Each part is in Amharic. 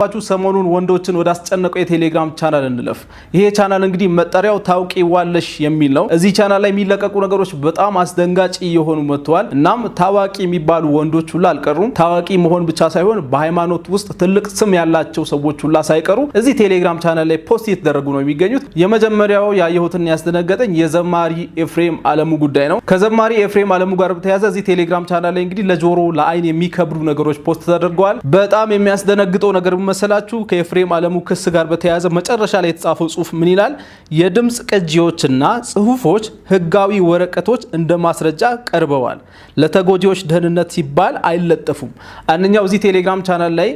ባጩ ሰሞኑን ወንዶችን ወደ አስጨነቀው የቴሌግራም ቻናል እንለፍ። ይሄ ቻናል እንግዲህ መጠሪያው ታውቂ ዋለሽ የሚል ነው። እዚህ ቻናል ላይ የሚለቀቁ ነገሮች በጣም አስደንጋጭ እየሆኑ መጥተዋል። እናም ታዋቂ የሚባሉ ወንዶች ሁላ አልቀሩም። ታዋቂ መሆን ብቻ ሳይሆን በሃይማኖት ውስጥ ትልቅ ስም ያላቸው ሰዎች ሁላ ሳይቀሩ እዚህ ቴሌግራም ቻናል ላይ ፖስት እየተደረጉ ነው የሚገኙት። የመጀመሪያው ያየሁትን ያስደነገጠኝ የዘማሪ ኤፍሬም አለሙ ጉዳይ ነው። ከዘማሪ ኤፍሬም አለሙ ጋር በተያያዘ እዚህ ቴሌግራም ቻናል ላይ እንግዲህ ለጆሮ ለአይን የሚከብዱ ነገሮች ፖስት ተደርገዋል። በጣም የሚያስደነግጠው ነገር መሰላችሁ? ከኤፍሬም አለሙ ክስ ጋር በተያያዘ መጨረሻ ላይ የተጻፈው ጽሁፍ ምን ይላል? የድምፅ ቅጂዎችና ጽሁፎች ህጋዊ ወረቀቶች እንደ ማስረጃ ቀርበዋል። ለተጎጂዎች ደህንነት ሲባል አይለጠፉም። አንደኛው እዚህ ቴሌግራም ቻናል ላይ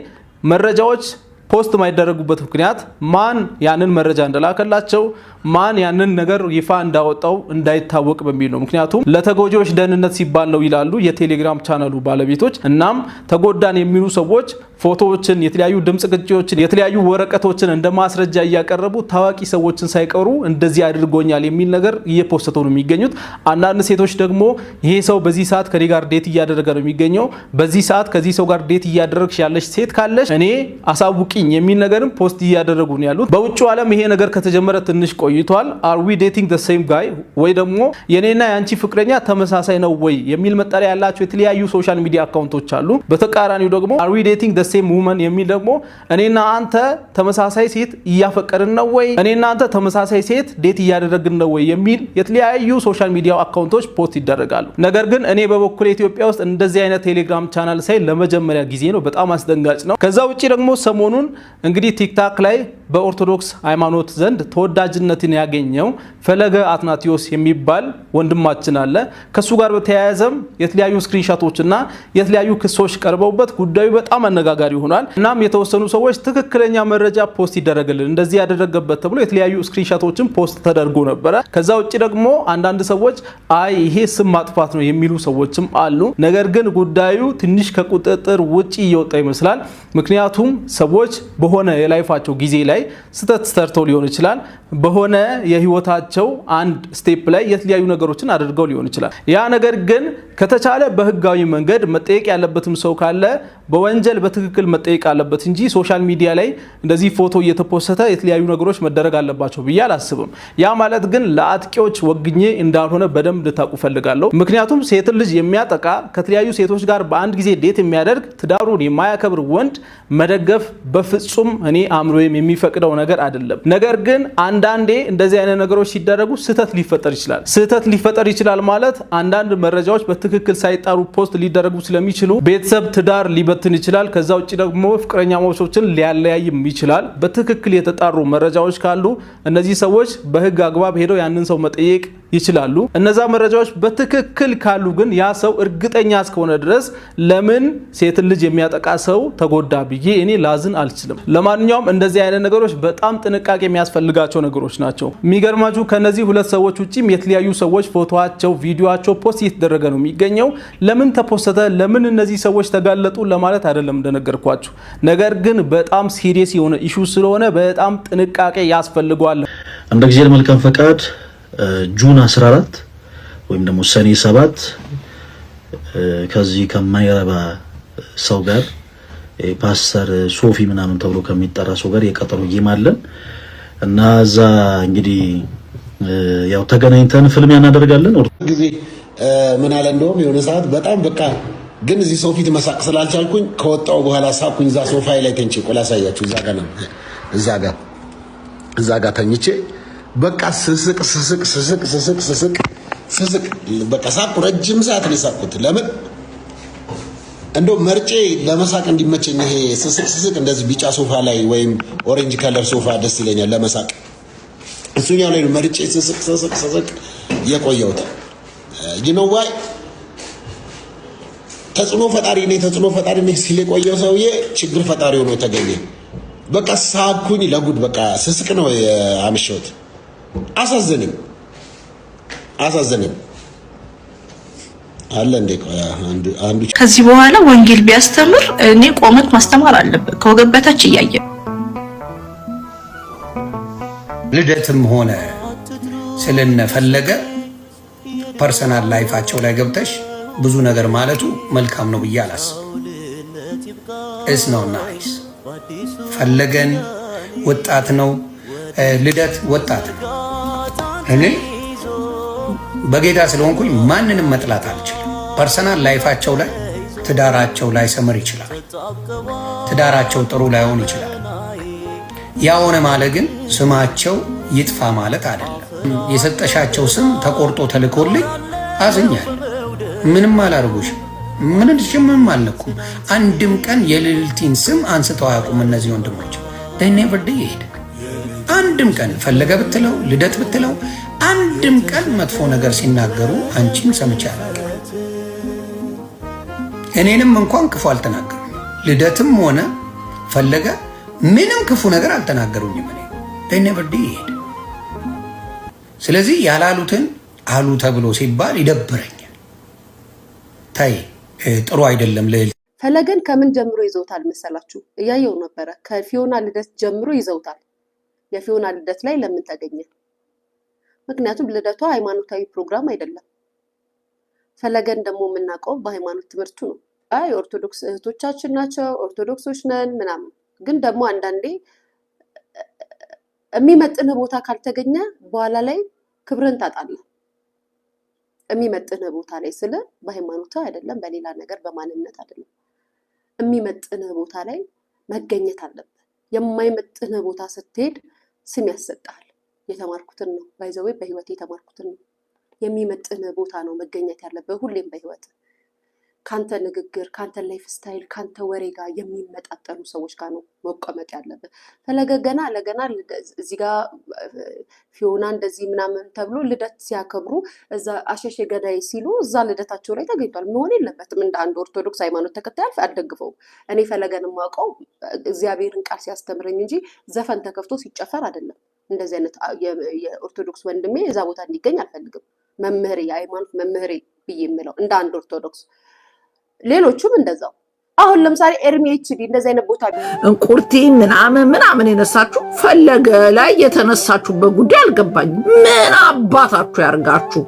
መረጃዎች ፖስት የማይደረጉበት ምክንያት ማን ያንን መረጃ እንደላከላቸው ማን ያንን ነገር ይፋ እንዳወጣው እንዳይታወቅ በሚል ነው። ምክንያቱም ለተጎጂዎች ደህንነት ሲባል ነው ይላሉ የቴሌግራም ቻናሉ ባለቤቶች። እናም ተጎዳን የሚሉ ሰዎች ፎቶዎችን፣ የተለያዩ ድምፅ ቅጂዎችን፣ የተለያዩ ወረቀቶችን እንደ ማስረጃ እያቀረቡ ታዋቂ ሰዎችን ሳይቀሩ እንደዚህ አድርጎኛል የሚል ነገር እየፖስተቱ ነው የሚገኙት። አንዳንድ ሴቶች ደግሞ ይሄ ሰው በዚህ ሰዓት ከኔ ጋር ዴት እያደረገ ነው የሚገኘው፣ በዚህ ሰዓት ከዚህ ሰው ጋር ዴት እያደረግሽ ያለች ሴት ካለች እኔ አሳውቂኝ የሚል ነገርም ፖስት እያደረጉ ነው ያሉት። በውጭ ዓለም ይሄ ነገር ከተጀመረ ትንሽ ቆይ ቆይቷል። አር ዊ ዴቲንግ ዘ ሴም ጋይ ወይ ደግሞ የኔና የአንቺ ፍቅረኛ ተመሳሳይ ነው ወይ የሚል መጠሪያ ያላቸው የተለያዩ ሶሻል ሚዲያ አካውንቶች አሉ። በተቃራኒው ደግሞ አር ዊ ዴቲንግ ዘ ሴም ውመን የሚል ደግሞ እኔና አንተ ተመሳሳይ ሴት እያፈቀርን ነው ወይ፣ እኔና አንተ ተመሳሳይ ሴት ዴት እያደረግን ነው ወይ የሚል የተለያዩ ሶሻል ሚዲያ አካውንቶች ፖስት ይደረጋሉ። ነገር ግን እኔ በበኩል ኢትዮጵያ ውስጥ እንደዚህ አይነት ቴሌግራም ቻናል ሳይ ለመጀመሪያ ጊዜ ነው። በጣም አስደንጋጭ ነው። ከዛ ውጭ ደግሞ ሰሞኑን እንግዲህ ቲክታክ ላይ በኦርቶዶክስ ሃይማኖት ዘንድ ተወዳጅነት ትምህርትን ያገኘው ፈለገ አትናቲዮስ የሚባል ወንድማችን አለ። ከእሱ ጋር በተያያዘም የተለያዩ እና የተለያዩ ክሶች ቀርበውበት ጉዳዩ በጣም አነጋጋሪ ሆኗል። እናም የተወሰኑ ሰዎች ትክክለኛ መረጃ ፖስት ይደረግልን እንደዚህ ያደረገበት ተብሎ የተለያዩ ስክሪንሻቶችን ፖስት ተደርጎ ነበረ። ከዛ ውጭ ደግሞ አንዳንድ ሰዎች አይ ይሄ ስም ማጥፋት ነው የሚሉ ሰዎችም አሉ። ነገር ግን ጉዳዩ ትንሽ ከቁጥጥር ውጭ እየወጣ ይመስላል። ምክንያቱም ሰዎች በሆነ የላይፋቸው ጊዜ ላይ ስህተት ሰርተው ሊሆን ይችላል በሆነ የሆነ የህይወታቸው አንድ ስቴፕ ላይ የተለያዩ ነገሮችን አድርገው ሊሆን ይችላል። ያ ነገር ግን ከተቻለ በህጋዊ መንገድ መጠየቅ ያለበትም ሰው ካለ በወንጀል በትክክል መጠየቅ አለበት እንጂ ሶሻል ሚዲያ ላይ እንደዚህ ፎቶ እየተፖሰተ የተለያዩ ነገሮች መደረግ አለባቸው ብዬ አላስብም። ያ ማለት ግን ለአጥቂዎች ወግኜ እንዳልሆነ በደንብ እንድታውቁ ፈልጋለሁ። ምክንያቱም ሴትን ልጅ የሚያጠቃ ከተለያዩ ሴቶች ጋር በአንድ ጊዜ ዴት የሚያደርግ ትዳሩን የማያከብር ወንድ መደገፍ በፍጹም እኔ አእምሮዬም የሚፈቅደው ነገር አይደለም። ነገር ግን አንዳንዴ እንደዚህ አይነት ነገሮች ሲደረጉ ስህተት ሊፈጠር ይችላል። ስህተት ሊፈጠር ይችላል ማለት አንዳንድ መረጃዎች በትክክል ሳይጣሩ ፖስት ሊደረጉ ስለሚችሉ ቤተሰብ ትዳር ሊበ ሊበትን ይችላል። ከዛ ውጭ ደግሞ ፍቅረኛ ሞቾችን ሊያለያይም ይችላል። በትክክል የተጣሩ መረጃዎች ካሉ እነዚህ ሰዎች በህግ አግባብ ሄደው ያንን ሰው መጠየቅ ይችላሉ። እነዛ መረጃዎች በትክክል ካሉ ግን ያ ሰው እርግጠኛ እስከሆነ ድረስ ለምን ሴትን ልጅ የሚያጠቃ ሰው ተጎዳ ብዬ እኔ ላዝን አልችልም። ለማንኛውም እንደዚህ አይነት ነገሮች በጣም ጥንቃቄ የሚያስፈልጋቸው ነገሮች ናቸው። የሚገርማችሁ ከነዚህ ሁለት ሰዎች ውጭም የተለያዩ ሰዎች ፎቶቸው፣ ቪዲዮቸው ፖስት እየተደረገ ነው የሚገኘው። ለምን ተፖሰተ? ለምን እነዚህ ሰዎች ተጋለጡ? ማለት አይደለም እንደነገርኳችሁ። ነገር ግን በጣም ሲሪየስ የሆነ ኢሹ ስለሆነ በጣም ጥንቃቄ ያስፈልገዋል። እንደ ጊዜ መልካም ፈቃድ ጁን 14 ወይም ደግሞ ሰኔ 7 ከዚህ ከማይረባ ሰው ጋር ፓስተር ሶፊ ምናምን ተብሎ ከሚጠራ ሰው ጋር የቀጠሮ ይማለን እና እዛ እንግዲህ ያው ተገናኝተን ፍልሚያ እናደርጋለን። ጊዜ ምን አለ እንደውም የሆነ ሰዓት በጣም በቃ ግን እዚህ ሰው ፊት መሳቅ ስላልቻልኩኝ ከወጣው በኋላ ሳኩኝ። እዛ ሶፋ ላይ ተንጭቆ ላሳያችሁ። እዛ ጋ ነው እዛ ጋ እዛ ጋ ተኝቼ በቃ ስስቅ ስስቅ ስስቅ ስስቅ ስስቅ ስስቅ በቃ ሳቁ። ረጅም ሰዓት ነው የሳቁት። ለምን እንደው መርጬ ለመሳቅ እንዲመቸኝ ይሄ ስስቅ ስስቅ እንደዚህ ቢጫ ሶፋ ላይ ወይም ኦሬንጅ ከለር ሶፋ ደስ ይለኛል ለመሳቅ። እሱኛው ላይ መርጬ ስስቅ ስስቅ ስስቅ የቆየሁት ይነዋይ ተጽዕኖ ፈጣሪ ነኝ ተጽዕኖ ፈጣሪ ነኝ ሲል የቆየው ሰውዬ ችግር ፈጣሪ ሆኖ ተገኘ። በቃ ሳኩኝ ለጉድ በቃ ስስቅ ነው አመሸሁት። አሳዘነኝ አሳዘነኝ አለ እንዴ አንዱ ከዚህ በኋላ ወንጌል ቢያስተምር እኔ ቆመት ማስተማር አለበት ከወገብ በታች እያየ ልደትም ሆነ ስለነፈለገ ፐርሰናል ላይፋቸው ላይ ገብተሽ ብዙ ነገር ማለቱ መልካም ነው ብዬ አላስብ። እስ ነው ናይስ ፈለገን ወጣት ነው ልደት ወጣት ነው። እኔ በጌታ ስለሆንኩኝ ማንንም መጥላት አልችልም። ፐርሰናል ላይፋቸው ላይ ትዳራቸው ላይሰምር ይችላል። ትዳራቸው ጥሩ ላይሆን ይችላል። ያሆነ ማለት ግን ስማቸው ይጥፋ ማለት አይደለም። የሰጠሻቸው ስም ተቆርጦ ተልኮልኝ አዝኛል። ምንም አላርጉሽም። ምን ምንም አለኩም። አንድም ቀን የልልቲን ስም አንስተው አያውቁም። እነዚህ ወንድሞች ፍርድ ይሄድ አንድም ቀን ፈለገ ብትለው ልደት ብትለው አንድም ቀን መጥፎ ነገር ሲናገሩ አንቺም ሰምቻ አላውቅም። እኔንም እንኳን ክፉ አልተናገሩ። ልደትም ሆነ ፈለገ ምንም ክፉ ነገር አልተናገሩኝም። እኔ ፍርድ ይሄድ። ስለዚህ ያላሉትን አሉ ተብሎ ሲባል ይደብረኝ ታይ ጥሩ አይደለም ልል ፈለገን ከምን ጀምሮ ይዘውታል መሰላችሁ? እያየው ነበረ። ከፊዮና ልደት ጀምሮ ይዘውታል። የፊዮና ልደት ላይ ለምን ተገኘ? ምክንያቱም ልደቷ ሃይማኖታዊ ፕሮግራም አይደለም። ፈለገን ደግሞ የምናውቀው በሃይማኖት ትምህርቱ ነው። አይ ኦርቶዶክስ እህቶቻችን ናቸው፣ ኦርቶዶክሶች ነን ምናምን። ግን ደግሞ አንዳንዴ የሚመጥንህ ቦታ ካልተገኘ በኋላ ላይ ክብርን ታጣለህ። የሚመጥን ቦታ ላይ ስለ በሃይማኖት አይደለም፣ በሌላ ነገር በማንነት አይደለም። የሚመጥን ቦታ ላይ መገኘት አለብህ። የማይመጥን ቦታ ስትሄድ ስም ያሰጣል። የተማርኩትን ነው ባይዘዌ በህይወት የተማርኩትን ነው። የሚመጥን ቦታ ነው መገኘት ያለበት ሁሌም በህይወት ካንተ ንግግር፣ ካንተ ላይፍ ስታይል፣ ካንተ ወሬ ጋር የሚመጣጠኑ ሰዎች ጋር ነው መቀመጥ ያለብህ። ፈለገ ገና ለገና እዚህ ጋር ፊዮና እንደዚህ ምናምን ተብሎ ልደት ሲያከብሩ እዛ አሸሼ ገዳይ ሲሉ እዛ ልደታቸው ላይ ተገኝቷል። መሆን የለበትም። እንደ አንድ ኦርቶዶክስ ሃይማኖት ተከታይ አልደግፈውም። እኔ ፈለገን የማውቀው እግዚአብሔርን ቃል ሲያስተምረኝ እንጂ ዘፈን ተከፍቶ ሲጨፈር አይደለም። እንደዚህ አይነት የኦርቶዶክስ ወንድሜ እዛ ቦታ እንዲገኝ አልፈልግም። መምህሬ፣ የሃይማኖት መምህሬ ብዬ የምለው እንደ አንድ ኦርቶዶክስ ሌሎቹም እንደዛው። አሁን ለምሳሌ ኤርሚኤችዲ እንደዚህ አይነት ቦታ እንቁርቲ ምናምን ምናምን የነሳችሁ ፈለገ ላይ የተነሳችሁበት ጉዳይ አልገባኝም። ምን አባታችሁ ያርጋችሁ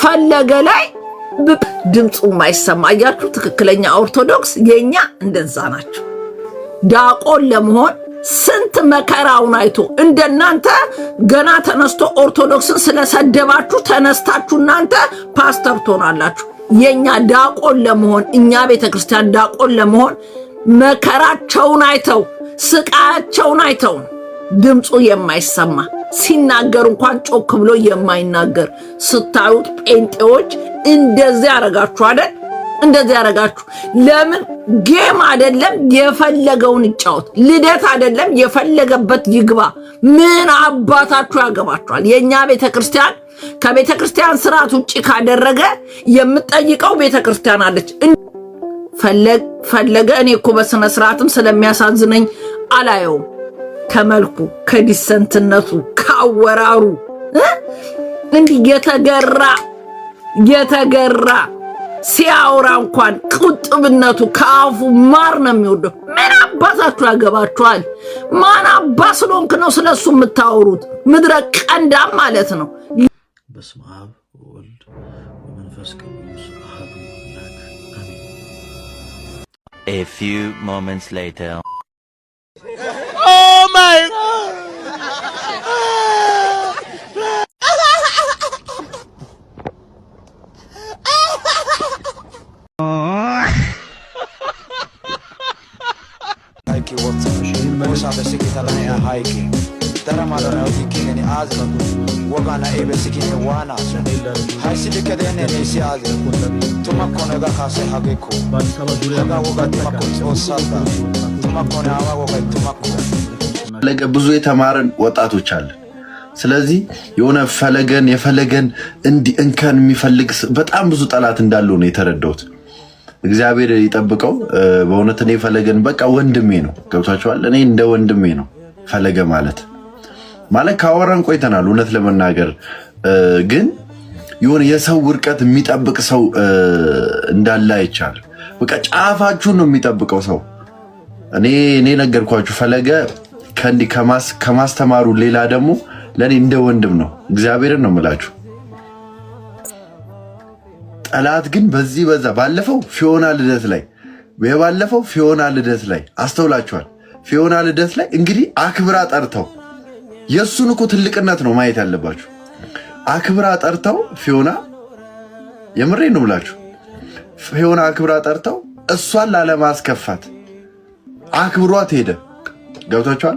ፈለገ ላይ ድምፁ ማይሰማ እያችሁ ትክክለኛ ኦርቶዶክስ የኛ እንደዛ ናቸው። ዲያቆን ለመሆን ስንት መከራውን አይቶ እንደናንተ ገና ተነስቶ ኦርቶዶክስን ስለሰደባችሁ ተነስታችሁ እናንተ ፓስተር ትሆናላችሁ። የኛ ዳቆን ለመሆን እኛ ቤተ ክርስቲያን ዳቆን ለመሆን መከራቸውን አይተው ስቃያቸውን አይተው ድምፁ የማይሰማ ሲናገር እንኳን ጮክ ብሎ የማይናገር ስታዩት ጴንጤዎች እንደዚህ ያደረጋችሁ አይደል? እንደዚህ ያደረጋችሁ ለምን? ጌም አይደለም የፈለገውን ይጫወት። ልደት አይደለም የፈለገበት ይግባ። ምን አባታችሁ ያገባችኋል? የእኛ ቤተ ክርስቲያን ከቤተ ክርስቲያን ስርዓት ውጭ ካደረገ የምጠይቀው ቤተ ክርስቲያን አለች። ፈለገ እኔ እኮ በስነ ስርዓትም ስለሚያሳዝነኝ አላየውም። ከመልኩ ከዲሰንትነቱ ካወራሩ እንዲህ የተገራ የተገራ ሲያወራ እንኳን ቁጥብነቱ ከአፉ ማር ነው የሚወደው። ምን አባታችሁ ያገባችኋል? ማን አባ ስለሆንክ ነው ስለ እሱ የምታወሩት? ምድረ ቀንዳም ማለት ነው። በስመ አብ ወወልድ ወመንፈስ ቅዱስ አሐዱ አምላክ አሜን። kun halkii wadsafasheenmuusaabasikitalahaya haike daramaadanaotikigani aazilatu wagana ebesikihe waanaaso haysidhikadeneneisi aazilatu tumakonoga kaase hageko haga woga tumakois osalda tumakone awa woga tumako ፈለገ ብዙ የተማርን ወጣቶች አለን። ስለዚህ የሆነ ፈለገን የፈለገን እንዲህ እንከን የሚፈልግ በጣም ብዙ ጠላት እንዳለው ነው የተረዳሁት። እግዚአብሔር ይጠብቀው። በእውነት እኔ ፈለገን በቃ ወንድሜ ነው። ገብቷችኋል? እኔ እንደ ወንድሜ ነው ፈለገ ማለት ማለት ካወራን ቆይተናል። እውነት ለመናገር ግን የሆነ የሰው ውርቀት የሚጠብቅ ሰው እንዳለ አይቻል። በቃ ጫፋችሁን ነው የሚጠብቀው ሰው። እኔ እኔ ነገርኳችሁ ፈለገ ከማስተማሩ ሌላ ደግሞ ለእኔ እንደ ወንድም ነው። እግዚአብሔርን ነው የምላችሁ። ጠላት ግን በዚህ በዛ ባለፈው ፊዮና ልደት ላይ የባለፈው ፊዮና ልደት ላይ አስተውላችኋል። ፊዮና ልደት ላይ እንግዲህ አክብራ ጠርተው የእሱን እኮ ትልቅነት ነው ማየት ያለባችሁ። አክብራ ጠርተው ፊዮና የምሬ ነው ብላችሁ ፊዮና አክብራ ጠርተው እሷን ላለማስከፋት አክብሯት ሄደ። ገብታችኋል?